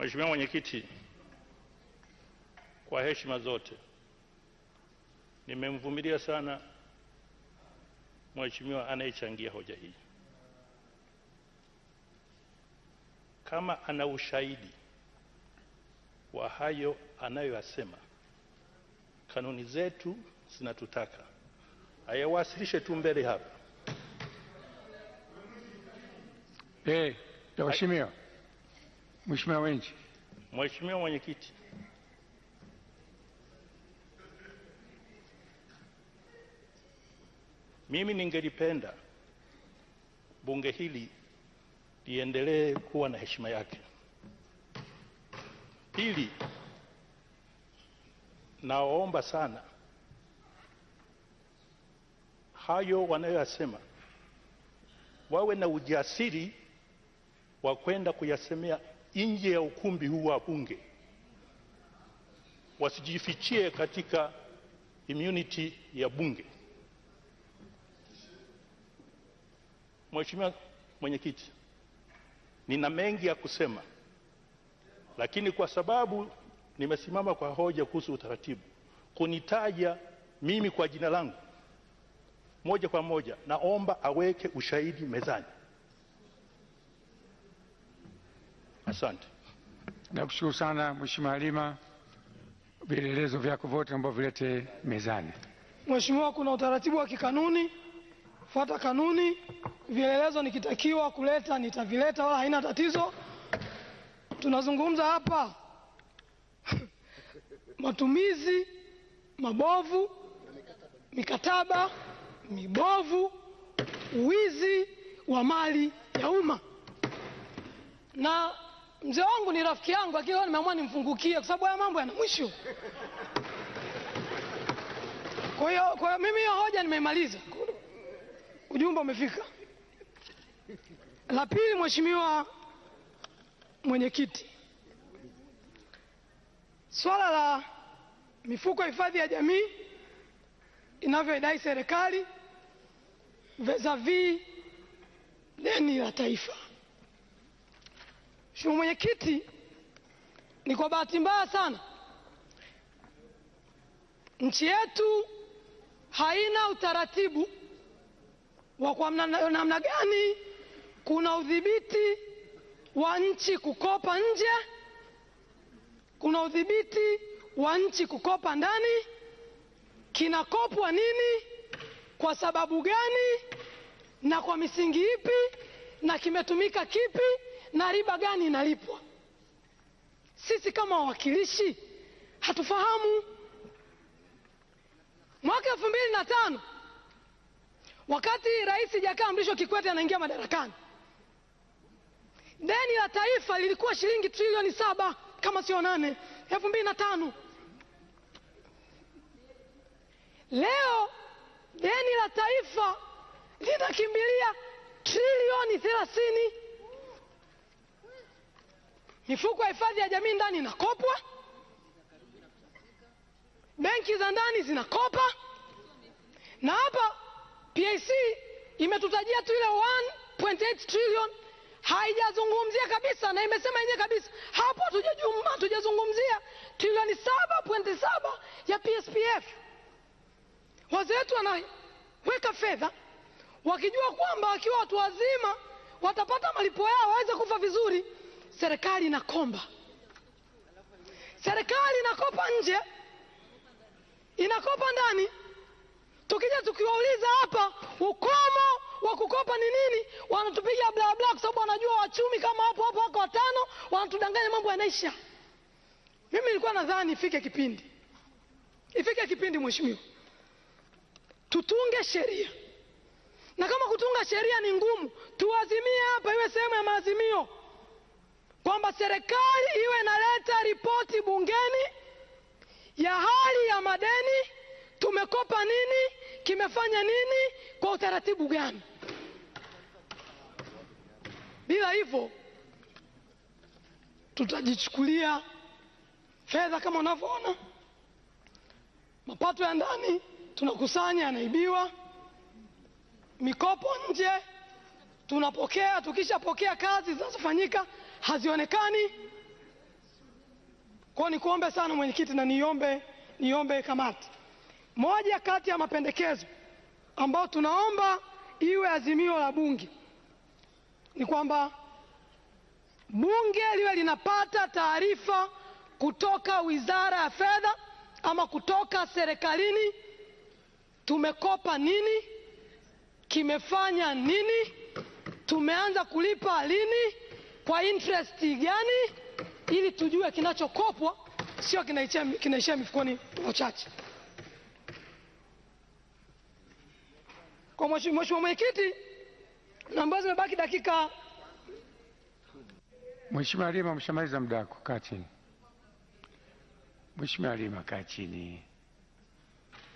Mheshimiwa Mwenyekiti, kwa heshima zote, nimemvumilia sana mheshimiwa anayechangia hoja hii. Kama ana ushahidi wa hayo anayoyasema, kanuni zetu zinatutaka ayawasilishe tu mbele hapa. Hey, eh, mheshimiwa Mheshimiwa Wenji. Mheshimiwa Mwenyekiti, mimi ningelipenda bunge hili liendelee kuwa na heshima yake. Pili, nawaomba sana hayo wanayoyasema wawe na ujasiri wa kwenda kuyasemea nje ya ukumbi huu wa Bunge, wasijifichie katika immunity ya Bunge. Mheshimiwa Mwenyekiti, nina mengi ya kusema, lakini kwa sababu nimesimama kwa hoja kuhusu utaratibu, kunitaja mimi kwa jina langu moja kwa moja, naomba aweke ushahidi mezani. Asante. Nakushukuru sana Mheshimiwa Halima, vielelezo vyako vyote ambavyo vilete mezani. Mheshimiwa, kuna utaratibu wa kikanuni, fuata kanuni. Vielelezo nikitakiwa kuleta nitavileta, wala haina tatizo. Tunazungumza hapa matumizi mabovu, mikataba mibovu, wizi wa mali ya umma na Mzee wangu ni rafiki yangu, lakini leo nimeamua nimfungukie kwa sababu haya mambo yana mwisho. Kwa hiyo kwa mimi hiyo hoja nimeimaliza, ujumbe umefika. La pili, mheshimiwa mwenyekiti, swala la mifuko ya hifadhi ya jamii inavyoidai serikali vezavi deni la taifa Mheshimiwa Mwenyekiti, ni kwa bahati mbaya sana nchi yetu haina utaratibu wa kwa namna gani kuna udhibiti wa nchi kukopa nje, kuna udhibiti wa nchi kukopa ndani, kinakopwa nini, kwa sababu gani, na kwa misingi ipi, na kimetumika kipi na riba gani inalipwa? Sisi kama wawakilishi hatufahamu. Mwaka elfu mbili na tano wakati Rais jakaa Mrisho Kikwete anaingia madarakani, deni la taifa lilikuwa shilingi trilioni saba kama sio nane, elfu mbili na tano. Leo deni la taifa linakimbilia trilioni thelathini mifuko ya hifadhi ya jamii ndani inakopwa, benki za ndani zinakopa, na hapa PAC imetutajia tu ile 1.8 trillion haijazungumzia kabisa, na imesema yenyewe kabisa hapo tujajuma, tujazungumzia trilioni 7.7 ya PSPF. Wazee wetu wanaweka fedha wakijua kwamba wakiwa watu wazima watapata malipo yao waweze kufa vizuri serikali inakomba, serikali inakopa nje, inakopa ndani. Tukija tukiwauliza hapa ukomo wa kukopa ni nini, wanatupiga bla bla, kwa sababu wanajua wachumi kama hapo hapo wako watano, wanatudanganya, mambo yanaisha. Mimi nilikuwa nadhani ifike kipindi, ifike kipindi mheshimiwa, tutunge sheria, na kama kutunga sheria ni ngumu, tuazimie hapa, iwe sehemu ya maazimio kwamba serikali iwe inaleta ripoti bungeni ya hali ya madeni, tumekopa nini, kimefanya nini, kwa utaratibu gani. Bila hivyo tutajichukulia fedha kama unavyoona, mapato ya ndani tunakusanya yanaibiwa, mikopo nje tunapokea, tukishapokea kazi zinazofanyika hazionekani. Kwa ni kuombe sana mwenyekiti na niombe, niombe kamati. Moja kati ya mapendekezo ambayo tunaomba iwe azimio la bunge ni kwamba bunge liwe linapata taarifa kutoka Wizara ya Fedha ama kutoka serikalini, tumekopa nini, kimefanya nini, tumeanza kulipa lini kwa interest gani, ili tujue kinachokopwa sio kinaishia mifukoni wachache. Kwa mweshimua mwenyekiti, na zimebaki dakika. Mheshimiwa Halima, umeshamaliza muda wako, kaa chini. Mheshimiwa kaa chini.